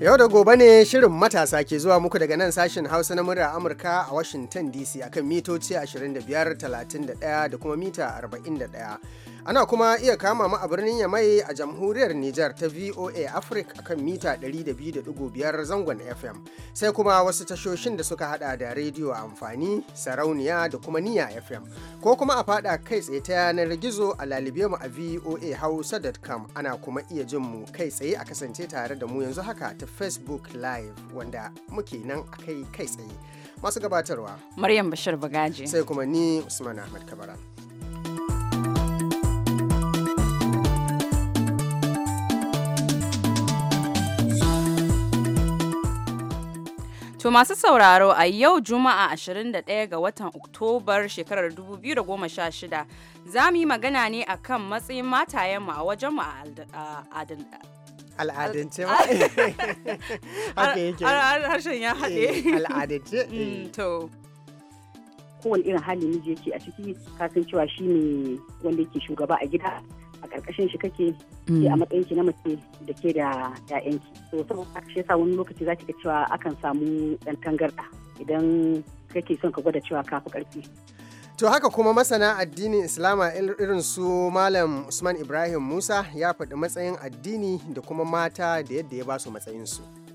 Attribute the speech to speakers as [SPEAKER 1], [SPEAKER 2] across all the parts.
[SPEAKER 1] Yau da gobe ne shirin matasa ke zuwa muku daga nan sashen Hausa na murya Amurka a Washington DC akan mitoci 25, 31 da kuma mita 41. Ana kuma iya kama mu a birnin Yamai a jamhuriyar Nijar ta VOA Africa akan mita 200.5 zangon FM. Sai kuma wasu tashoshin da suka hada da rediyo amfani, sarauniya da kuma niya FM. Ko kuma a fada kai tsaye ta yanar gizo a lalibe mu a VOA Hausa.com ana kuma iya jin mu kai tsaye a kasance tare da mu yanzu haka ta Facebook Live wanda muke nan a kai kai tsaye. Masu gabatarwa. Maryam Bashir Bagaji. Sai kuma ni Usman Ahmad Kabara.
[SPEAKER 2] To masu sauraro a yau Juma'a 21 ga watan Oktobar shekarar 2016 za mu yi magana ne kan matsayin matayenmu a wajenmu a
[SPEAKER 1] al'adance ma haka yake
[SPEAKER 2] harshen ya haɗe eh, al'adance mm, eh. to kowane irin hali miji
[SPEAKER 3] yake a ciki kasancewa cewa shi ne wanda yake shugaba a gida a karkashin shi kake ke mm. a matsayin ki na mace da ke da 'ya'yanki to saboda shi yasa wani lokaci za ki ga cewa
[SPEAKER 1] akan samu ɗan tangarɗa idan kake son ka gwada cewa kafi ƙarfi To haka kuma masana addinin Islama irin su Malam Usman Ibrahim Musa ya faɗi matsayin addini da kuma mata da yadda ya ba su matsayinsu.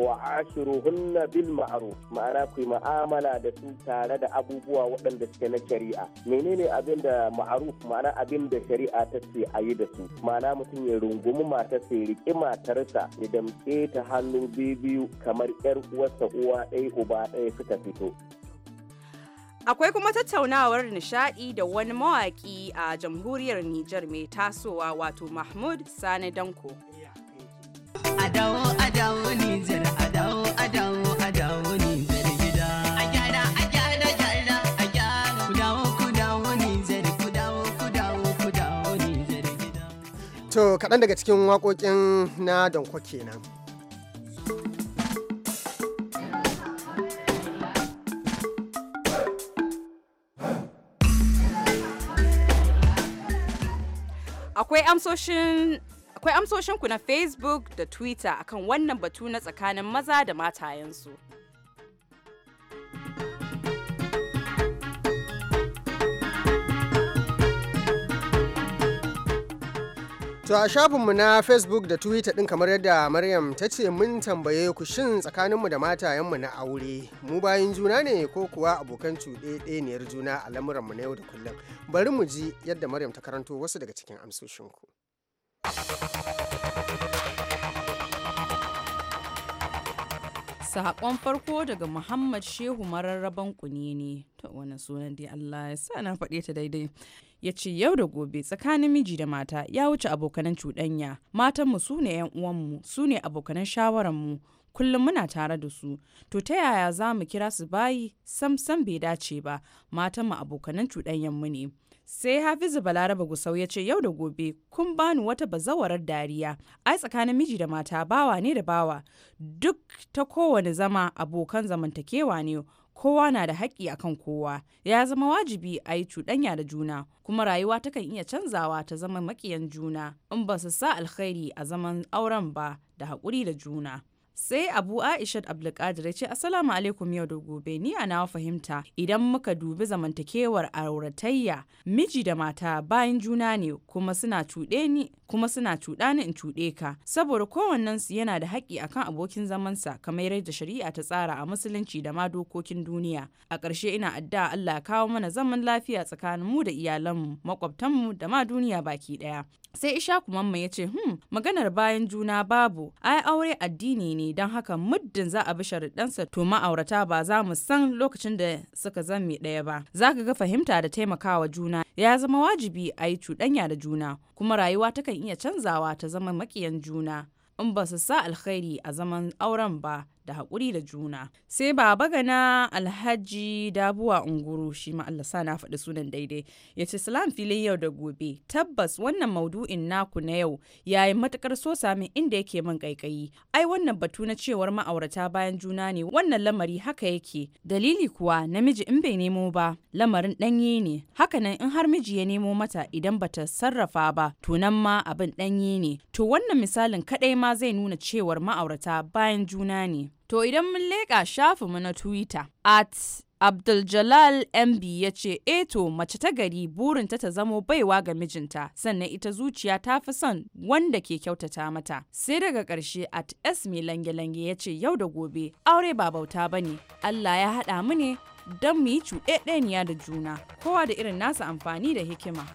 [SPEAKER 1] wa
[SPEAKER 4] ashiruhunna bil ma'ruf ma'ana ku mu'amala da su tare da abubuwa waɗanda suke na shari'a menene abin da ma'ruf ma'ana abin da shari'a ta ce a yi da su ma'ana mutum ya rungumi mata ya riƙi matarsa ya damƙe ta hannu bibiyu kamar yar uwarsa uwa ɗaya uba ɗaya suka fito
[SPEAKER 2] Akwai kuma tattaunawar nishadi da wani mawaƙi a jamhuriyar Nijar mai tasowa wato Mahmud Sani Danko. Adawo,
[SPEAKER 5] adawo Nijar.
[SPEAKER 1] kaɗan daga cikin waƙoƙin na donko kenan.
[SPEAKER 2] akwai amsoshin akwai amsoshinku na facebook da twitter akan wannan batu na tsakanin maza da mata matayensu.
[SPEAKER 1] To a shafinmu na Facebook da Twitter ɗin kamar yadda Maryam ta ce mun tambaye ku shin tsakaninmu da matayenmu na aure mu bayan juna ne ko kuwa abokan cuɗeɗeniyar juna a lamuranmu na yau da kullum. Bari mu ji yadda Maryam ta karanto wasu daga cikin amsoshinku.
[SPEAKER 2] Sakon farko daga Muhammad Shehu mararraban kuni ne, to wani sunan dai Allah ya sa na faɗe ta daidai. Ya ce yau da gobe tsakanin miji da mata ya wuce abokanan cuɗanya, matanmu su ne 'yan uwanmu, su ne abokanan shawararmu, kullum muna tare da su to ta yaya za mu kira su bayi sam sam bai dace ba matan mu abokanan cuɗanyen mu ne sai hafizu balaraba gusau ya ce yau da gobe kun bani wata bazawarar dariya ai tsakanin miji da mata bawa ne da bawa duk ta kowane zama abokan zamantakewa ne kowa na da haƙƙi akan kowa ya zama wajibi a yi cuɗanya da juna kuma rayuwa takan iya canzawa ta zama makiyan juna in ba su sa alkhairi a zaman auren ba da haƙuri da juna sai abu aishat abdulkadir ya ce assalamu alaikum yau da gobe ni a nawa fahimta idan muka dubi zamantakewar auratayya miji da mata bayan juna ne kuma suna cuɗe ni kuma suna cuɗa ni in cuɗe ka saboda kowannen su yana da haƙƙi akan abokin zamansa kamar yadda shari'a ta tsara a musulunci da ma dokokin duniya a ƙarshe ina addu'a Allah ya kawo mana zaman lafiya tsakanin mu da iyalanmu makwabtanmu da ma duniya baki ɗaya sai ishaku mamma ya ce hmm maganar bayan juna babu ai aure addini ne don haka muddin za a bi sharuɗansa to ma'aurata ba za mu san lokacin da suka zame ɗaya ba za ka ga fahimta da taimakawa juna ya zama wajibi a yi cuɗanya da juna kuma rayuwa takan iya canzawa ta zama makiyan juna in ba su sa alkhairi a zaman auren ba da haƙuri da juna sai baba gana alhaji dabuwa unguru shi ma Allah sa na faɗi sunan daidai ya ce salam filin yau da gobe tabbas wannan maudu'in naku na yau yayin matukar so samun inda yake min ƙaiƙayi. ai wannan batu na cewar ma'aurata bayan juna ne wannan lamari haka yake dalili kuwa namiji in bai nemo ba lamarin ɗanye ne hakanan in har miji ya nemo mata idan bata sarrafa ba to nan ma abin ɗanye ne to wannan misalin kaɗai ma zai nuna cewar ma'aurata bayan juna ne To idan mun leƙa mu na Twitter, at abdul MB ya ce, "E to mace ta gari burinta ta zamo baiwa ga mijinta, sannan ita zuciya ta fi son wanda ke kyautata mata." Sai daga ƙarshe at S mai lange-lange ya ce yau da gobe, aure ba bauta ba ne, Allah ya haɗa mu ne don mu yi cuɗeɗeniya da juna, kowa da irin nasa amfani da hikima.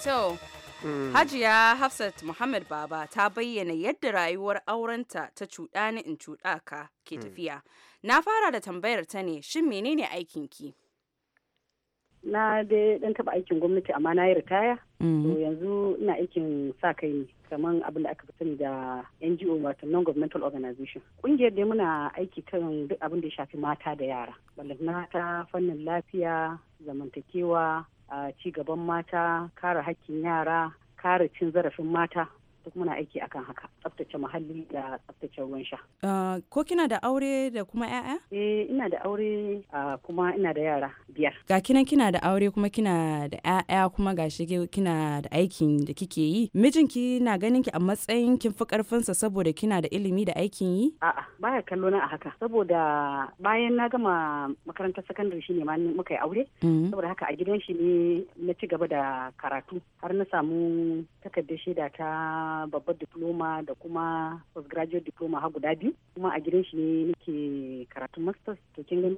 [SPEAKER 2] So,
[SPEAKER 5] Hajiya
[SPEAKER 2] Hafsat Muhammad Baba ta bayyana yadda rayuwar aurenta ta cuɗani in ka ke hmm. tafiya. Na fara da tambayar ta ne, shin menene aikinki?
[SPEAKER 3] Na dai ɗan taɓa aikin gwamnati amma na yi ritaya. Hmm. yanzu ina aikin sa kai ne, kamar abin da aka fi sani da NGO wato non-governmental organization. Ƙungiyar dai muna aiki kan duk abin da ya shafi mata da yara. Balantana ta fannin lafiya, zamantakewa, ci gaban mata kare hakkin yara kare cin zarafin mata duk muna aiki akan haka tsaftace muhalli da tsaftace ruwan sha.
[SPEAKER 2] Ah, ko kina da aure da kuma 'ya'ya?
[SPEAKER 3] eh ina da aure ah, kuma ina da yara
[SPEAKER 2] biyar. ga kinan kina da aure kuma kina da 'ya'ya kuma gashi kina da aikin da kike yi mijinki na ganin ki a matsayin kin fi sa saboda kina da ilimi da aikin yi?
[SPEAKER 3] a'a baya kallo na a haka saboda bayan na gama makarantar sakandare shine ma muka yi aure mm-hmm. saboda haka a gidan shi ne na ci gaba da karatu har na samu takardar shaida ta babbar diploma da kuma postgraduate diploma ha guda biyu kuma a gidan shi ne nake karatun masters to kin gani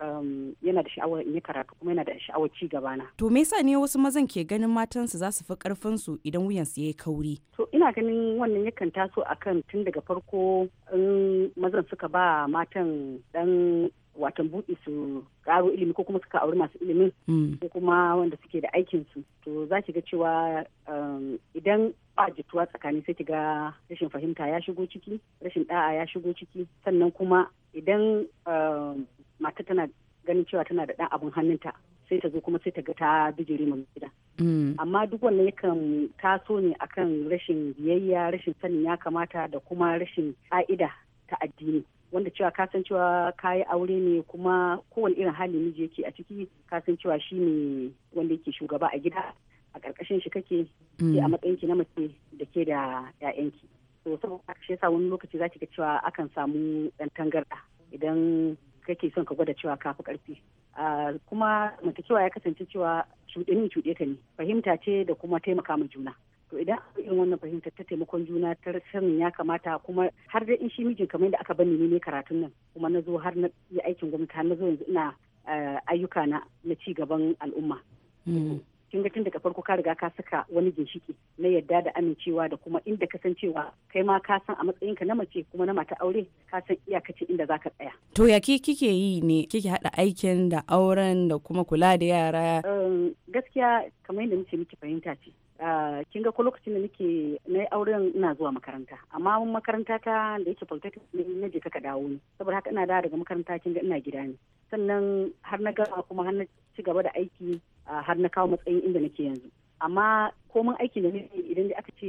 [SPEAKER 3] um, yana da sha'awar in yi karatu kuma yana da sha'awar ci gaba na
[SPEAKER 2] to me yasa ne wasu mazan ke ganin matansu za su fi karfin su idan wuyan su yayi kauri to ina ganin wannan
[SPEAKER 3] yakan taso akan tun daga farko in mazan suka ba matan dan watan buɗe su ƙaro ilimi ko kuma suka auri masu ilimin hmm. ko kuma wanda suke da aikin su to za ki ga cewa um, idan ba jituwa tsakani sai ki ga rashin fahimta ya shigo ciki rashin ɗa'a ya shigo ciki sannan kuma idan um, mata tana ganin cewa tana da ɗan abin hannunta sai ta zo kuma sai ta ga ta bijire mu gida hmm. amma duk wannan yakan taso ne akan rashin biyayya rashin sanin ya kamata da kuma rashin ƙa'ida ta addini wanda cewa kasan cewa kayi aure ne kuma kowane irin hali miji yake a ciki kasan cewa shi ne wanda yake shugaba a gida a ƙarƙashin shi kake ke mm. a matsayin ki na mace da ke da 'ya'yanki to saboda shi yasa wani lokaci zaki ki ga cewa akan samu ɗan tangarɗa idan kake son ka gwada cewa kafi karfi kuma mace cewa ya kasance cewa cuɗe ni cuɗe ka ne fahimta ce da kuma taimaka ma juna to idan irin wannan fahimta ta taimakon juna ta sanin ya kamata kuma har da in shi mijin kamar yadda aka bani ne karatun nan kuma na zo har na yi aikin gwamnati har na zo yanzu ina eh, ayyuka na na ci gaban al'umma hmm. kin ga tun daga farko ka riga ka saka wani ginshiki na yadda da amincewa da kuma inda ka san cewa kai ma ka san a matsayinka na mace kuma na mata aure ka san iyakacin inda zaka tsaya
[SPEAKER 2] to ya kike yi ne kike hada aikin da auren da kuma kula da yara
[SPEAKER 3] ehm, gaskiya kamar yadda muke miki fahimta ce Ah, kin ga ko lokacin da nake na auren ina zuwa makaranta amma mun makaranta ta da yake polytechnic ne na je ka dawo ne saboda haka ina da daga makaranta kin ga ina gida ne sannan har na gama kuma har na ci gaba da aiki ah, har na kawo matsayin inda nake yanzu amma komin aiki da idan da aka ce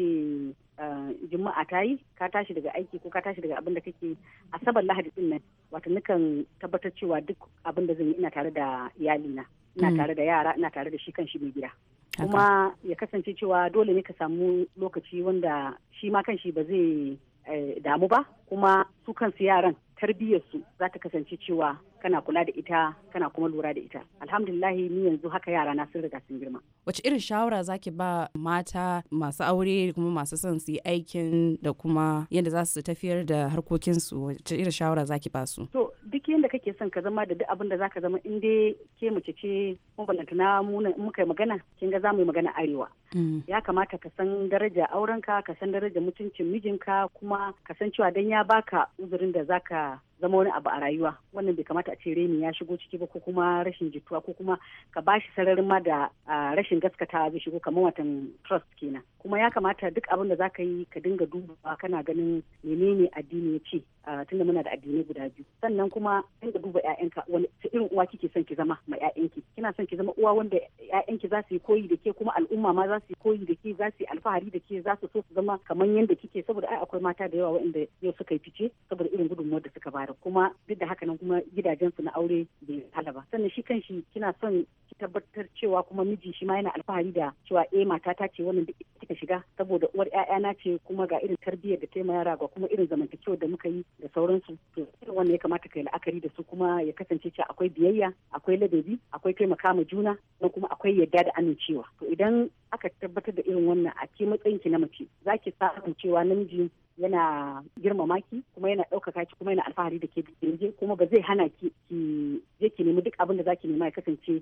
[SPEAKER 3] eh, juma'a ta yi ka tashi daga aiki ko ka tashi daga abin da kake asabar lahadi din nan wato nukan tabbatar cewa duk abin da zan yi ina tare da na ina
[SPEAKER 5] hmm. tare da yara ina
[SPEAKER 3] tare da shi kan shi mai gida kuma ya kasance cewa dole ne ka samu lokaci wanda shi ma kan shi ba zai Eh, damu ba kuma su kansu yaran tarbiyyarsu za ta kasance cewa kana kula da ita kana kuma lura da ita alhamdulillahi ni yanzu haka yara na sun riga sun girma
[SPEAKER 2] wace irin shawara zaki ba mata masu aure kuma masu son su yi aikin da kuma yadda za su tafiyar da harkokinsu wace irin shawara zaki ba su
[SPEAKER 3] to duk yadda kake son ka zama da duk abin da zaka zama in dai ke mace ce mabalanta na muka yi magana kin ga mu yi magana arewa mm. ya kamata ka san daraja aurenka ka san daraja mutuncin mijinka kuma ka san cewa dan ya baka uzurin da zaka zama wani abu a rayuwa wannan bai kamata a ce reni ya shigo ciki ba ko kuma rashin jituwa ko kuma ka bashi sararin ma da rashin gaskatawa zai shigo kamar watan trust kenan kuma ya kamata duk abin da zaka yi ka dinga dubawa kana ganin menene addini ya ce tunda muna da addinai guda biyu sannan kuma dinga duba ƴaƴanka wani irin uwa kike son ki zama ma ƴaƴanki kina son ki zama uwa wanda ƴaƴanki za su yi koyi da ke kuma al'umma ma za su yi koyi da ke za su yi alfahari da ke za su so su zama kamar yadda kike saboda ai akwai mata da yawa waɗanda yau suka yi fice saboda irin gudunmuwar da suka bayar kuma duk da haka nan kuma gidajensu na aure bai hala ba sannan shi kanshi kina son ki tabbatar cewa kuma miji shi ma yana alfahari da cewa eh matata ce wannan duk kika shiga saboda uwar na ce kuma ga irin tarbiyyar da ta yi yara ga kuma irin zamantakewar da muka yi da sauransu to irin wannan ya kamata kai la'akari da su kuma ya kasance cewa akwai biyayya akwai ladabi akwai taimaka ma juna na kuma akwai yadda da amincewa to idan aka tabbatar da irin wannan a ke matsayin ki na mace za ki samu cewa namiji yana girmama ki kuma yana ɗaukaka ki kuma yana alfahari da ke je kuma ba zai hana ki ki je ki nemi duk abin da za ki nema ya kasance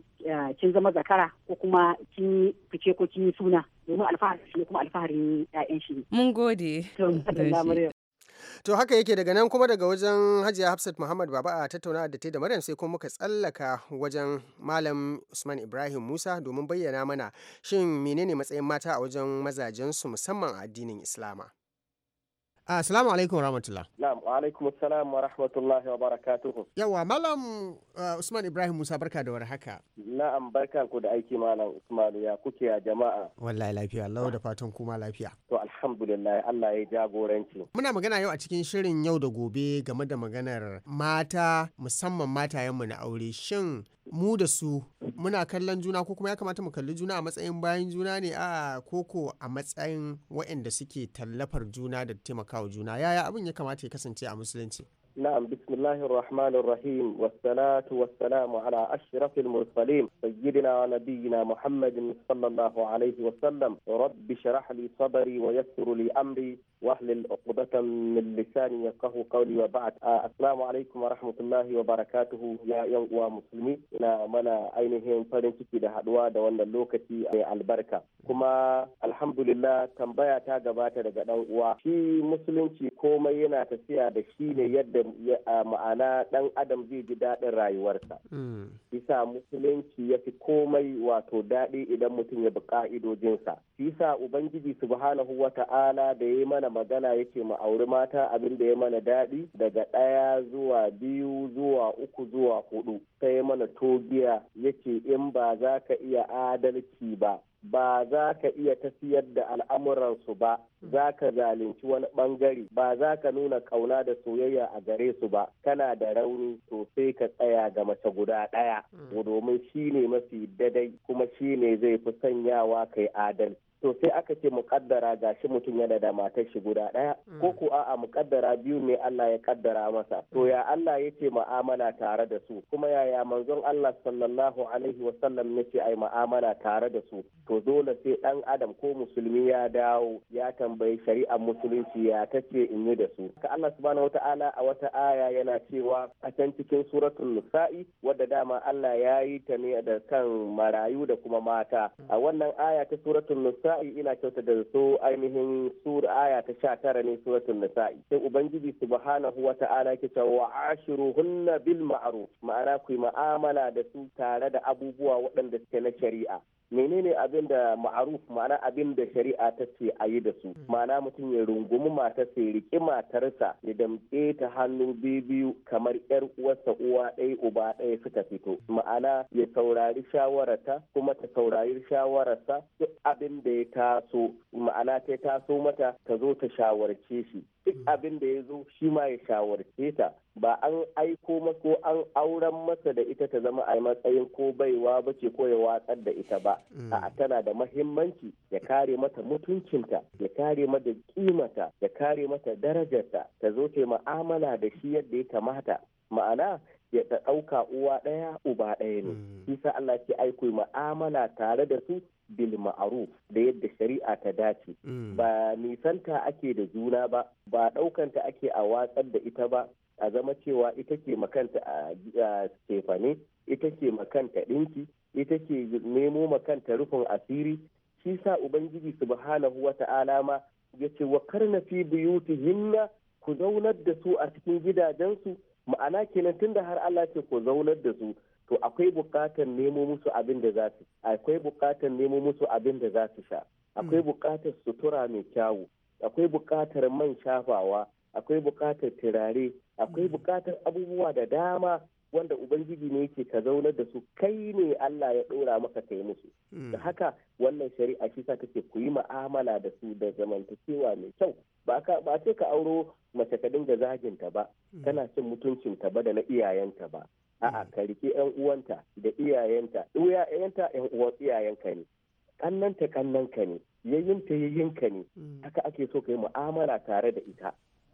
[SPEAKER 3] kin zama zakara ko kuma
[SPEAKER 2] kin fice ko kin
[SPEAKER 1] yi suna domin alfahari ne kuma alfaharin 'ya'yan shi.
[SPEAKER 2] Mun gode.
[SPEAKER 1] To haka yake daga nan kuma daga wajen Hajiya Hafsat Muhammad Baba a tattaunawa da ta da Maryam sai kuma muka tsallaka wajen Malam Usman Ibrahim Musa domin bayyana mana shin menene matsayin mata a wajen mazajensu musamman a addinin Islama. Assalamu alaikum rahmatullah.
[SPEAKER 4] Na'am, wa alaikum assalam wa rahmatullahi wa barakatuhu. Yawa Malam
[SPEAKER 1] uh, Usman Ibrahim Musa barka da warhaka.
[SPEAKER 4] Na'am, barka ku da aiki Malam Usman ya kuke ya jama'a.
[SPEAKER 1] Wallahi lafiya, Allah da fatan kuma lafiya.
[SPEAKER 4] To alhamdulillah Allah ya jagoranci.
[SPEAKER 1] Muna magana yau a cikin shirin yau da gobe game da maganar mata musamman matayenmu na aure shin mu da su muna kallon juna ko kuma ya kamata mu kalli juna a matsayin bayan juna ne a koko a matsayin waɗanda suke tallafar juna da taimakawa juna yaya abin ya kamata ya kasance a musulunci
[SPEAKER 4] نعم بسم الله الرحمن الرحيم والصلاة والسلام على أشرف المرسلين سيدنا ونبينا محمد صلى الله عليه وسلم رب اشرح لي صدري ويسر لي أمري وأهل عقدة من لساني يفقهوا قولي وبعد آه السلام عليكم ورحمة الله وبركاته يا يوم ومسلمي أنا منا ainihin farin ciki da haduwa da wannan lokaci mai albarka kuma alhamdulillah tambaya ta gabata مسلم dan uwa shi musulunci komai ma'ana ɗan adam zai ji daɗin rayuwarsa hmm. bisa musulunci ya fi komai wato daɗi idan mutum ya bi ƙa'idojinsa bisa ubangiji subhanahu wa ta'ala da ya mana magana ya ce mu auri mata abin da ya mana daɗi daga ɗaya zuwa biyu zuwa uku zuwa hudu sai mana togiya ce in ba za ka iya adalci ba ba za ka iya tafiyar da al'amuransu ba za ka zalunci wani bangare ba za ka nuna kauna da soyayya a gare su ba kana da rauni to sai ka tsaya ga mace guda ɗaya hmm. domin shi ne mafi dadai kuma shi ne zai fi sanyawa kai adalci to sai aka ce muƙaddara ga shi mutum yana da matar shi guda ɗaya mm. ko ko a'a muƙaddara biyu ne Allah ya kaddara masa to ya Allah yake mu'amala tare da su kuma yaya manzon Allah sallallahu alaihi wa wasallam yake ai mu'amala tare da su to dole sai dan adam ko musulmi ya dawo ya tambayi shari'ar musulunci ya tace in yi da su ka Allah subhanahu wata'ala a wata aya yana cewa a can cikin suratul nisa'i wadda dama Allah ya yi ta ne da kan marayu da kuma mata a wannan aya ta suratul nisa nisa'i ina kyauta da so ainihin sura aya ta sha tara ne suratul nisa'i sai ubangiji subhanahu wa ta'ala ke cewa hunna bil ma'ruf ma'ana ku mu'amala da su tare da abubuwa waɗanda suke na shari'a menene abin da ma'aruf ma'ana abin da shari'a ta ce a yi da su hmm. ma'ana mutum ya rungumi mata sai riƙi matarsa ya damƙe ta hannun biyu kamar yar uwarsa uwa ɗaya uba ɗaya suka fito ma'ana ya saurari shawararta kuma ta saurari shawararsa duk abin da ya taso ma'ana ta taso mata ta zo ta shawarce shi duk hmm. abin da ya zo shi ma ya shawarce ta ba an aiko maso an auren masa da ita ta zama a matsayin ko baiwa ba ce ko ya watsar da ita ba mm. a tana da mahimmanci ya kare mata mutuncinta ya kare mata kimata ya kare mata darajarta ta zo ta ma'amala da shi yadda ya kamata ma'ana ya ta ɗauka uwa ɗaya uba ɗaya ne mm. Isa Allah ce aiko ma'amala tare da su bil da yadda shari'a ta dace
[SPEAKER 5] mm. ba
[SPEAKER 4] nisanta ake da juna ba ba ɗaukanta ake a watsar da ita ba a zama cewa ita ke makanta a stefani ita ke makanta ɗinki ita ke nemo makanta rufin asiri shi sa ubangiji subhanahu wa ta'ala ma ya ce wa karna fi hinna ku zaunar da su a cikin gidajensu ma'ana kenan tunda har Allah ce ku zaunar da su to akwai bukatar nemo musu abin da za su akwai bukatar nemo musu abin da za su sha akwai mm. bukatar sutura mai kyawu akwai bukatar man shafawa akwai bukatar turare akwai hmm. bukatar abubuwa da dama wanda ubangiji ne yake ka zaunar da su kai ne Allah ya ɗora maka kai musu hmm. da haka wannan shari'a shi sa take ku yi mu'amala da su da zamantakewa mai kyau ba ka ba ce ka auro mace ka dinga zaginta ba hmm. kana cin ta ba da na iyayenta ba a'a ka rike yan uwanta da iyayenta iyayenta yan uwan iyayenka ne kannanta kannanka ne yayin ka ne haka ake so ka yi mu'amala tare da ita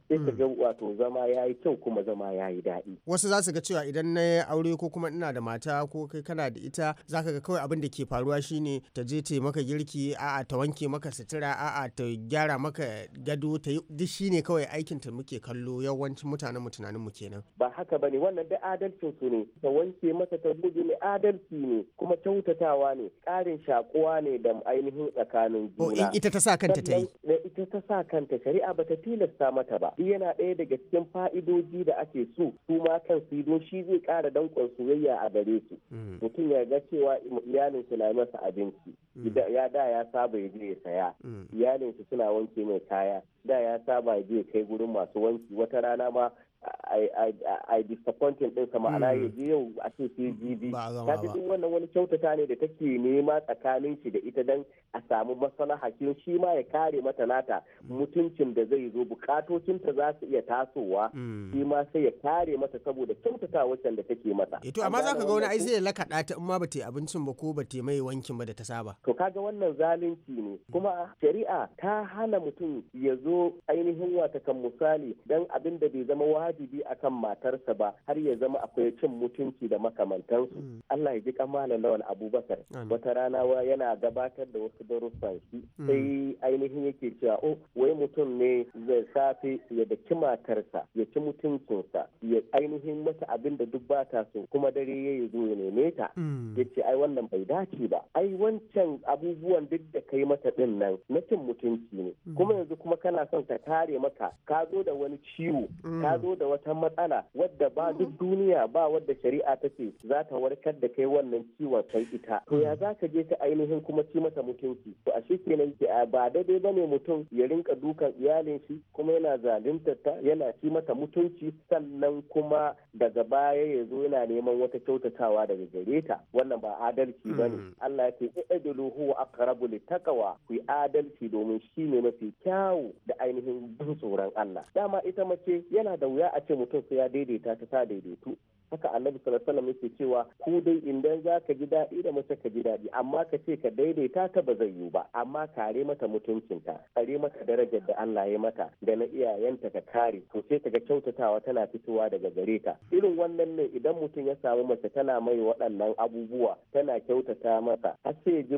[SPEAKER 4] sai ka mm. ga wato zama ya yi kyau kuma zama ya yi daɗi.
[SPEAKER 1] Wasu za su ga cewa idan na yi aure ko kuma ina da mata ko kai kana da ita za ka ga kawai abin da ke faruwa shine ta je ta maka girki a'a ta wanke maka sutura a'a ta gyara maka gado ta yi duk shine kawai aikin ta muke kallo yawancin mutanen mu tunanin mu kenan.
[SPEAKER 4] Ba haka bane wannan da adalcin su ne ta wanke masa ta goge ne adalci ne kuma kyautatawa ne ƙarin shakuwa ne da ainihin tsakanin juna.
[SPEAKER 1] Ita ta sa kanta ta yi.
[SPEAKER 4] Ita ta sa kanta shari'a ba ta tilasta mata ba. duk yana ɗaya daga cikin fa'idoji da ake so su ma kan su don shi zai kara danƙon soyayya a gare su mm. mutum ya ga cewa iyalin su na masa abinci mm. ya da ya saba ya je ya saya mm. iyalin su suna wanke mai kaya da ya saba ya je kai gurin masu wanki wata rana ma a disappointing ɗin sama ana hmm. ya je yau a ce sai jibi ta fi duk wannan wani kyautata ne da take nema tsakanin shi da ita dan a samu masana kin shi ma ya kare mata nata hmm. mutuncin da zai zo bukatocin ta za su iya tasowa hmm. shi ma sai ya kare mata saboda kyautata wacce da take mata eh to amma zaka ga wani ai sai
[SPEAKER 1] lakaɗa ta in ma ba ta abincin ba ko ba ta mai wankin ba da ta saba to
[SPEAKER 4] kaga wannan zalunci ne kuma shari'a ta hana mutum ya zo ainihin wata kan misali dan abin da bai zama wa wajibi akan matarsa ba har ya zama akwai cin mutunci da makamantansu hmm. Allah ya ji kamala Lawan abubakar wata rana wa yana gabatar da wasu darussan shi hmm. sai ainihin yake cewa O oh, wai mutum ne zai safe ya daki matarsa ya ci mutuncinsa ya ainihin mata abin da duk bata so kuma dare ya yi zo ya neme ta hmm. ya ce ai wannan bai dace ba ai wancan abubuwan duk da kai mata din nan na cin mutunci ne kuma yanzu kuma kana son ta kare maka ka zo da wani ciwo ka zo da wata matsala wadda ba mhm. duk duniya ba wadda shari'a ta ce za ta warkar da kai wannan ciwon kai ita to ya mhm. za ka je ta ainihin kuma ci mata mutunci to ashe kenan ba daidai ba ne mutum ya rinka dukan iyalin shi kuma yana zaluntar ta yana ci mata mutunci sannan kuma daga baya ya zo yana neman wata kyautatawa daga gare ta wannan ba adalci ba ne. Mhm. Allah ya ce wa huwa aqrabu litaqwa ku adalci domin shi ne mafi kyawu da ainihin bin tsoron Allah dama ita mace yana da wuya a ce mutum sai ya daidaita ta ta daidaitu haka annabi sallallahu alaihi yake cewa ko dai idan za ka ji daɗi da mace ka ji daɗi amma ka ce ka daidaita ta ba zai yiwu ba amma kare mata mutuncinta kare mata darajar da Allah ya mata da na iyayenta ka kare to sai ka ga kyautatawa tana fitowa daga gare ka irin wannan ne idan mutum ya samu mace tana mai waɗannan abubuwa tana kyautata masa har sai ji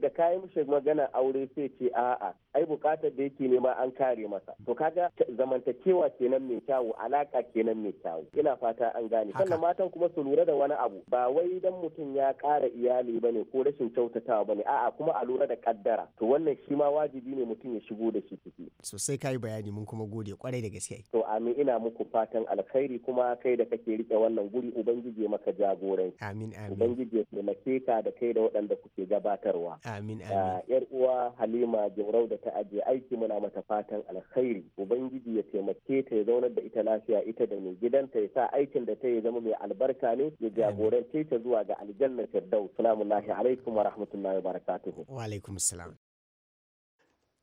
[SPEAKER 4] da kayan mishi magana aure sai ce a'a ai bukatar da yake nema an kare masa to kaga zamantakewa kenan mai kyawu a alaka kenan mai kyau ina fata an gane sannan matan kuma su lura da wani abu ba wai dan mutum ya ƙara iyali bane ko rashin kyautatawa bane a'a kuma a lura da kaddara to wannan shi ma wajibi ne mutum ya shigo da shi ciki
[SPEAKER 1] sosai kayi bayani mun kuma gode kwarai da gaske
[SPEAKER 4] to amin ina muku fatan alkhairi kuma kai da kake rike wannan guri ubangiji maka jagoranci amin amin ubangiji ya taimake ka da kai da waɗanda kuke gabatarwa
[SPEAKER 1] amin amin
[SPEAKER 4] yar uwa halima jaurau da ta aje aiki muna mata fatan alkhairi ubangiji ya taimake ta ya zaunar da ita lafiya lafiya ita da mai gidanta ya sa aikin da ta yi zama mai albarka ne ya jagorance ta zuwa ga aljannar firdaus salamu alaikum wa rahmatullahi wa barakatuhu
[SPEAKER 1] wa alaikum salam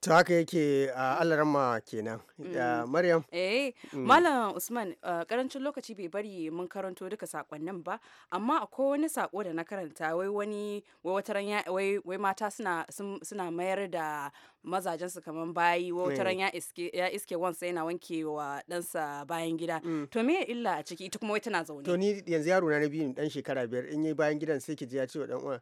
[SPEAKER 1] to haka yake a alarma kenan mm. maryam
[SPEAKER 2] eh mm. malam usman karancin lokaci bai bari mun karanto duka sakonnin ba amma akwai wani sako da na karanta wai wani wai wata wai wai mata suna suna mayar da mazajen su kaman bayi wai wataran ya iske ya iske wansa yana wanke wa dansa bayan gida mm. to me illa a ciki ita kuma wai tana zaune to
[SPEAKER 1] ni yanzu yaro na biyu dan shekara biyar in yi bayan gidan sai ki ji ya ce wa dan uwa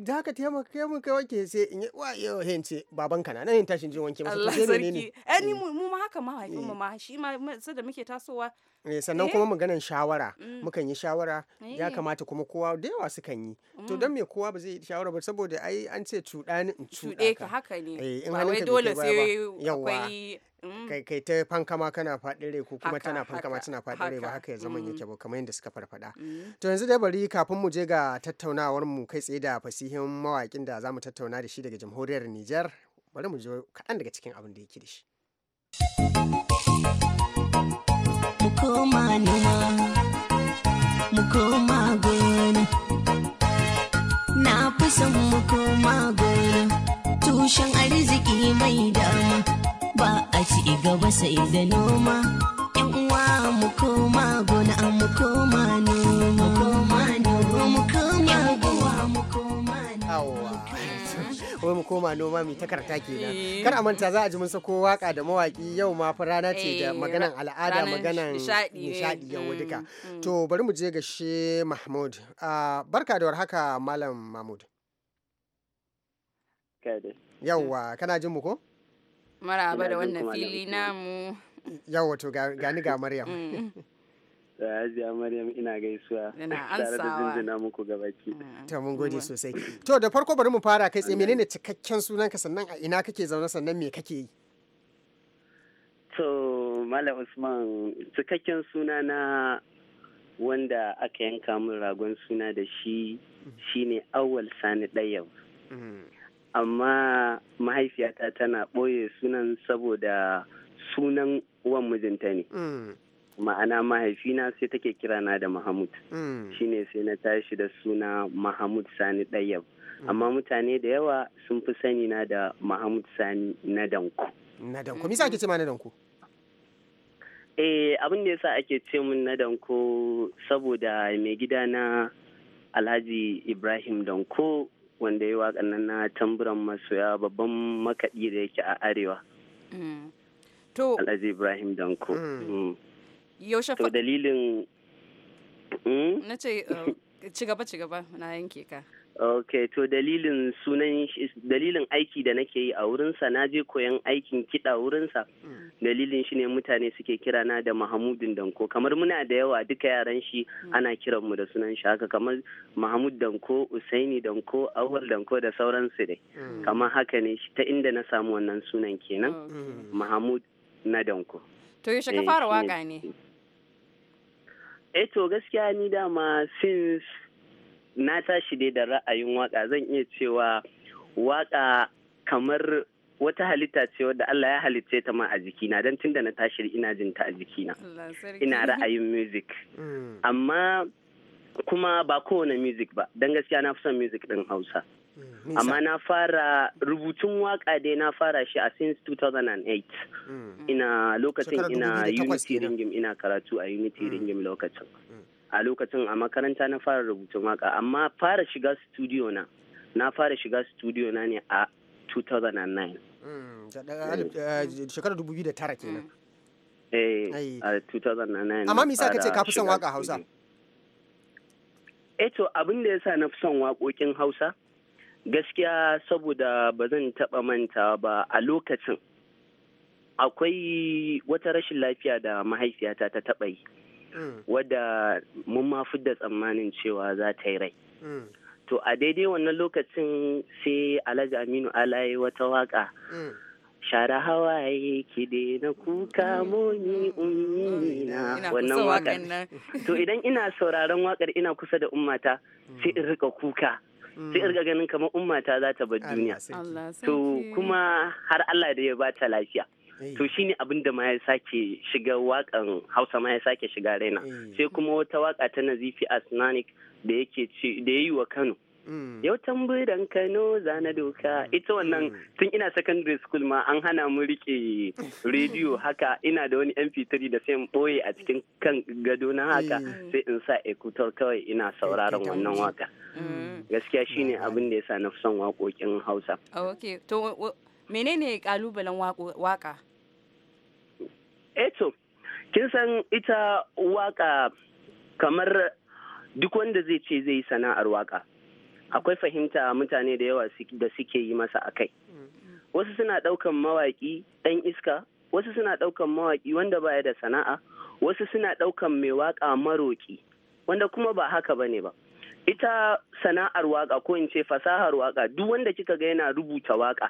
[SPEAKER 1] da haka taimaka mun kai wanke sai in yi wa yau hence baban ka na nan tashin jin wanke masa Allah sarki eh mm.
[SPEAKER 2] mu ma haka mm. ma haifin mu ma shi ma sai da muke tasowa
[SPEAKER 1] Eh, sannan eh? kuma maganan shawara mm. mukan yi shawara ya eh. kamata kuma kowa da yawa sukan yi to mm. don me kowa ba zai yi shawara ba saboda ai an ce cuɗa in cuɗe ka
[SPEAKER 2] haka ne ba wai dole sai akwai mm.
[SPEAKER 1] kai kai ta fankama kana faɗire ko kuma tana fankama tana faɗire ba haka ya zama yake ba kamar yadda suka farfada to yanzu dai bari kafin mu je ga tattaunawar mu kai tsaye da fasihin mawakin da zamu tattauna da shi daga jamhuriyar Nijar bari mu je kaɗan daga cikin abin da yake da shi
[SPEAKER 5] koma mu
[SPEAKER 6] koma gona na fi son mu koma gona tushen arziki mai dama ba a ci gaba sai da noma uwa mu koma gona mu koma noma
[SPEAKER 5] mu koma noma mu koma gona mu koma
[SPEAKER 1] noma wai mu koma noma mu takarta kenan eh. kar a manta za a ji mun sako waka da mawaki yau ma fa rana ce da eh, maganan al'ada maganan nishadi eh. yau duka mm, mm. to bari mu je ga she mahmud ah, barka da warhaka malam mahmud yauwa kana jin mu ko maraba da wannan fili namu yauwa to ga ni ga maryam mm.
[SPEAKER 6] da Hajiya Maryam ina gaisuwa tare da jinjina muku gabaki. Mm. Ta mun gode sosai.
[SPEAKER 1] To da farko bari mu fara kai tsaye menene cikakken sunanka sannan a ina kake zaune sannan me kake yi?
[SPEAKER 6] To Malam Usman cikakken suna na wanda aka yanka min ragon suna da shi shine awwal sani ɗayyau. Mm. Amma mahaifiyata tana ɓoye sunan saboda sunan uwan mijinta ne. Mm. ma'ana mahaifina sai take kirana da Mahamud. Hmm. Shine sai na tashi da suna Mahamud Sani Ɗayyab. Hmm. Amma mutane da yawa sun fi sani na da Mahamud Sani na Danko. Na Danko, misa ake ce ma na Danko? Eh, abin da yasa ake ce mun na Danko saboda mai gida na Alhaji Ibrahim Danko wanda ya waƙa nan na tamburan masoya babban makaɗi da yake a arewa. Hmm. To, Alhaji Ibrahim Danko. yaushe fa dalilin hmm?
[SPEAKER 2] na ce uh, cigaba cigaba na yanke ka
[SPEAKER 6] ok to dalilin sunan dalilin aiki da nake yi a wurinsa na je koyan aikin kiɗa wurinsa hmm. dalilin shi ne mutane suke kira na da mahamudin danko kamar muna da yawa duka yaran shi hmm. ana kiran mu da sunan shi haka kamar mahamud danko usaini danko awal danko da sauransu dai kamar haka ne shi ta inda na samu wannan sunan kenan mahamud na danko to yaushe ka eh, fara waka ne eh to gaskiya ni dama since na tashi dai da ra'ayin waka zan iya cewa waka kamar wata halitta ce wadda Allah ya halitta ta ma a jikina don tun da na tashi ina jin ta a jikina
[SPEAKER 5] ina ra'ayin music mm.
[SPEAKER 6] amma kuma ba kowane music ba don gaskiya na fi son music din hausa Mm. amma na fara rubutun waka dai na fara shi a since 2008 mm. ina lokacin ina unity ringim ina karatu a unity mm. ringim lokacin a lokacin a makaranta na fara rubutun waka amma fara shiga studio na na fara shiga studio na ne a 2009 eh.
[SPEAKER 1] eh, shekarar 2009 kenan
[SPEAKER 6] eh a 2009 amma Misa ka ce ka fi son waka Hausa eto eh abinda abin da yasa na fi son waƙoƙin Hausa gaskiya saboda ba zan taɓa manta ba a lokacin akwai wata rashin lafiya da mahaifiyata ta taɓa yi mm. wadda mun ma da tsammanin cewa za ta yi rai mm. to a daidai wannan lokacin sai alhaji aminu alaye wata waka mm. shara hawaye da na kuka moni na. wannan wakar to idan ina sauraron wakar ina kusa da ummata sai in rika kuka Mm. sai irga ganin kamar ummata za ta bar duniya
[SPEAKER 5] to kuma
[SPEAKER 6] har Allah da ya ba ta lafiya eh. to shine abin da ma ya sake shiga wakan hausa ma ya sake shiga raina eh. sai kuma wata waka ta nazifi asnanik da yake da yayi wa kano Mm. yau tamburan Kano zana doka mm. ita wannan mm. tun ina secondary school ma an hana mu rike rediyo haka ina da wani mp3 da sai in boye a cikin kan gado na haka sai in sa ekutor kawai ina sauraron wannan waka gaskiya shine abin da yasa na son waƙoƙin Hausa
[SPEAKER 2] okay to menene kalubalen waka
[SPEAKER 6] eto eh kin san ita waka kamar duk wanda zai ce zai sana'ar waka akwai fahimta mutane da yawa da suke yi masa a kai wasu suna ɗaukan mawaƙi ɗan iska wasu suna ɗaukan mawaƙi wanda baya da sana'a wasu suna ɗaukan mai waƙa maroƙi wanda kuma ba haka ba ne ba ita sana'ar waƙa ko in ce fasahar waƙa duk wanda kika ga yana rubuta waƙa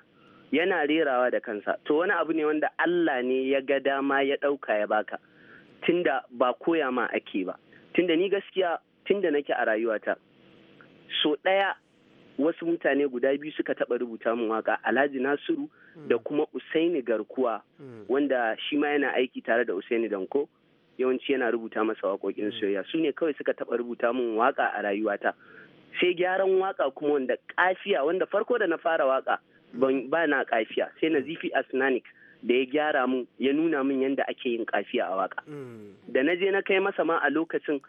[SPEAKER 6] yana rerawa da kansa to wani abu ne wanda Allah ne ya ga dama ya ɗauka ya baka tunda ba koya ma ake ba tunda ni gaskiya tunda nake a rayuwata so ɗaya wasu mutane guda biyu suka taɓa rubuta mun waka alhaji nasiru da mm. kuma usaini garkuwa mm. wanda shi ma yana aiki tare da usaini danko yawanci yana rubuta masa waƙoƙin mm. soyayya su ne kawai suka taɓa rubuta mun waka a rayuwata sai gyaran waka kuma wanda kafiya wanda farko da na fara waka ba na kafiya sai na zifi asnanik da ya gyara mun ya nuna mun yadda ake yin kafiya a waka da na je na kai masa ma a lokacin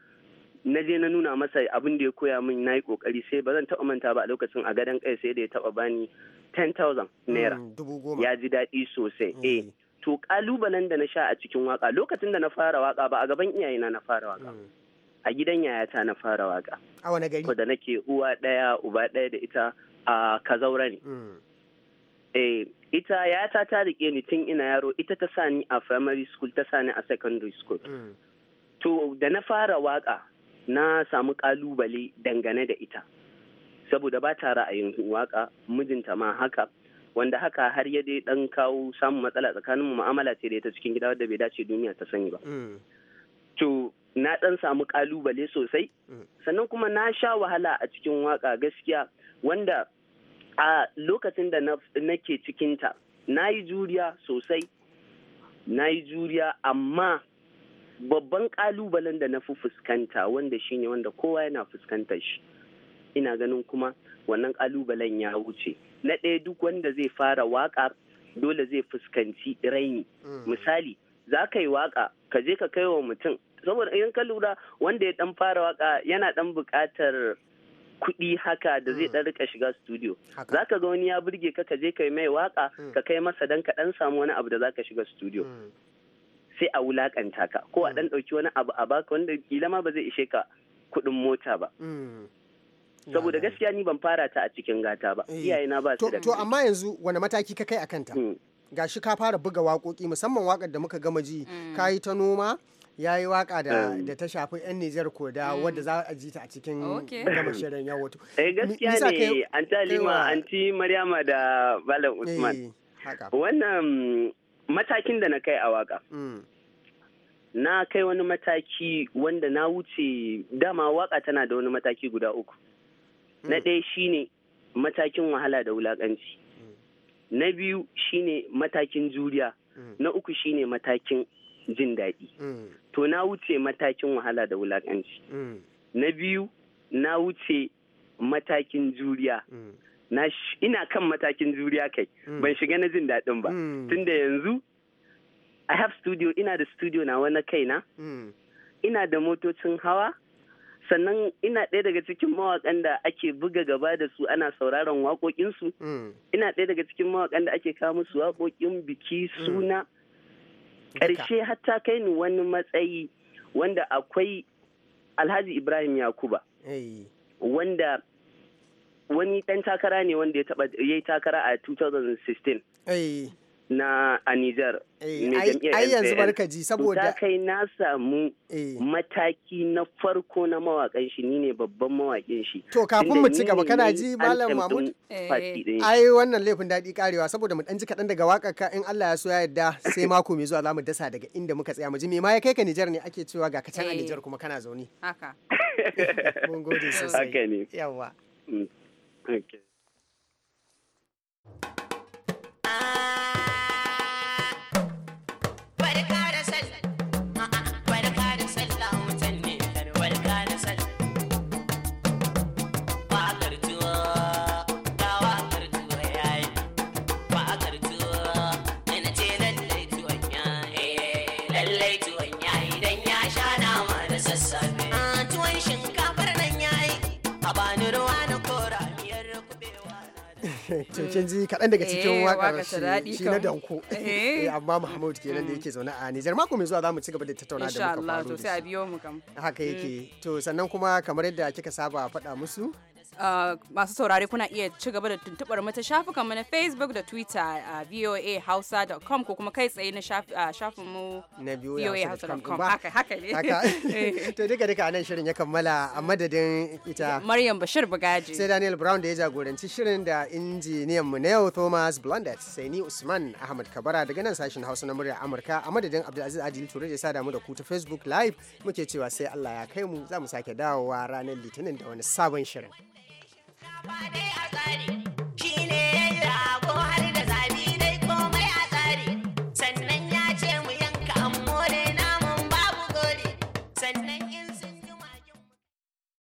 [SPEAKER 6] na je na nuna masa abin da ya koya min na yi kokari sai ba zan taba manta ba a lokacin a gadon kai sai da ya taɓa bani 10,000 naira
[SPEAKER 5] mm, ya
[SPEAKER 6] ji daɗi sosai mm. eh to kalubalen da na sha a cikin waka lokacin da na fara waka ba a gaban iyayena na fara waka mm. a gidan yayata na fara waka a wani gari da nake uwa ɗaya uba ɗaya da ita a kazaura ne eh ita yayata ta rike ni tun ina yaro ita ta sani a primary school ta sani a secondary school to da na fara waka na samu kalubale dangane da ita saboda ba ta ra'ayin waka mijinta ma haka wanda haka har ya dai dan kawo samun matsala tsakanin ma'amala ce da ita cikin gida wadda bai dace duniya ta sani ba mm. to na dan samu kalubale sosai mm. sannan kuma na sha wahala a cikin waka gaskiya wanda a lokacin da nake cikinta na yi juriya sosai na yi juriya amma babban kalubalen da na fi fuskanta wanda shine wanda kowa yana fuskantar shi ina ganin kuma wannan kalubalen ya wuce na ɗaya duk wanda zai fara waka dole zai fuskanci raini mm. misali za ka yi waka ka je ka kai wa mutum saboda in ka lura wanda ya dan fara waka yana dan buƙatar kuɗi haka da zai mm. ɗan rika shiga studio za ka ga wani ya burge ka ka je ka yi mai waka mm. ka kai masa dan ka dan samu wani abu da za ka shiga studio sai a wulakanta ka ko a dan mm. dauki wani abu a baka wanda kila ma ba zai ishe ka kuɗin mota ba mm. saboda gaskiya ni ban fara ta a cikin gata ba eh. iyayena ba su da to
[SPEAKER 1] amma yanzu wani mataki ka kai akan ta mm. gashi ka fara buga waƙoƙi musamman waƙar da muka gama ji ka yi ta noma ya yi waka da, da ta shafi 'yan Nijar ko da wadda za a ji
[SPEAKER 6] ta a cikin gama shirin ya wato. Eh gaskiya ne an Halima, an ci Maryama da Malam Usman. Eh, Wannan matakin da na kai a waka mm. na kai wani mataki wanda na wuce dama waka tana da wani mataki guda uku na mm. ɗaya shine matakin wahala da wulaƙanci mm. na biyu shine matakin juriya na uku shine matakin jin daɗi to na wuce matakin wahala da wulaƙanci na biyu na wuce matakin juriya na ina kan matakin juriya kai mm. ban shiga na jin daɗin ba mm. tunda yanzu i have studio ina da studio na wani na. Mm. ina da motocin hawa sannan ina ɗaya daga cikin mawaƙan da ake buga gaba da su ana sauraron waƙoƙinsu ina ɗaya daga cikin mawaƙan da ake kawo musu waƙoƙin biki suna ƙarshe hatta kai ni wani matsayi wanda akwai alhaji ibrahim yakuba wanda wani ɗan takara ne wanda ya taba yi takara a 2016 na a Nijar. Ai yanzu barka ji saboda. Ta kai na samu mataki na farko na mawakan shi ni ne babban mawakin shi. To kafin mu ci gaba kana ji Malam Mahmud? Ai
[SPEAKER 1] wannan laifin daɗi karewa saboda mu ɗan ji kaɗan daga waƙar ka in Allah ya so ya yarda sai mako mai zuwa zamu dasa daga inda muka tsaya mu ji me ma ya kai ka Nijar ne ake cewa ga ka can a eh. Nijar kuma kana zaune. Haka.
[SPEAKER 6] Mun gode sosai. Haka ne. Yawwa. Mm. thank you.
[SPEAKER 1] to kaɗan daga cikin eh, wakar shi na danko eh. Eh, amma ke nan da mm. yake zaune a Nijar mako mai zuwa zamu ci gaba da tattauna da muka faru da shi a haka yake mm. to sannan kuma kamar yadda kika saba faɗa musu
[SPEAKER 2] Uh, masu saurare kuna iya ci gaba da tuntubar mu ta shafukan mu na Facebook da Twitter uh, a Hausa.com ko kuma kai tsaye na uh, shafin mu
[SPEAKER 1] na VOA haka haka ne eh. to duka duka nan shirin ya kammala a madadin ita Maryam Bashir Bugaji sai Daniel Brown da ya jagoranci shirin da injiniyan mu na yau Thomas Blondet sai ni Usman Ahmad Kabara daga nan sashin Hausa na murya Amurka a madadin Abdulaziz Adil Ture da ya sada mu da ku ta Facebook live muke cewa sai Allah ya kai mu za mu sake dawowa ranar Litinin da wani sabon shirin Fade
[SPEAKER 5] a tsari.